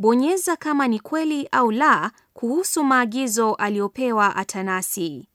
Bonyeza kama ni kweli au la kuhusu maagizo aliyopewa Atanasi.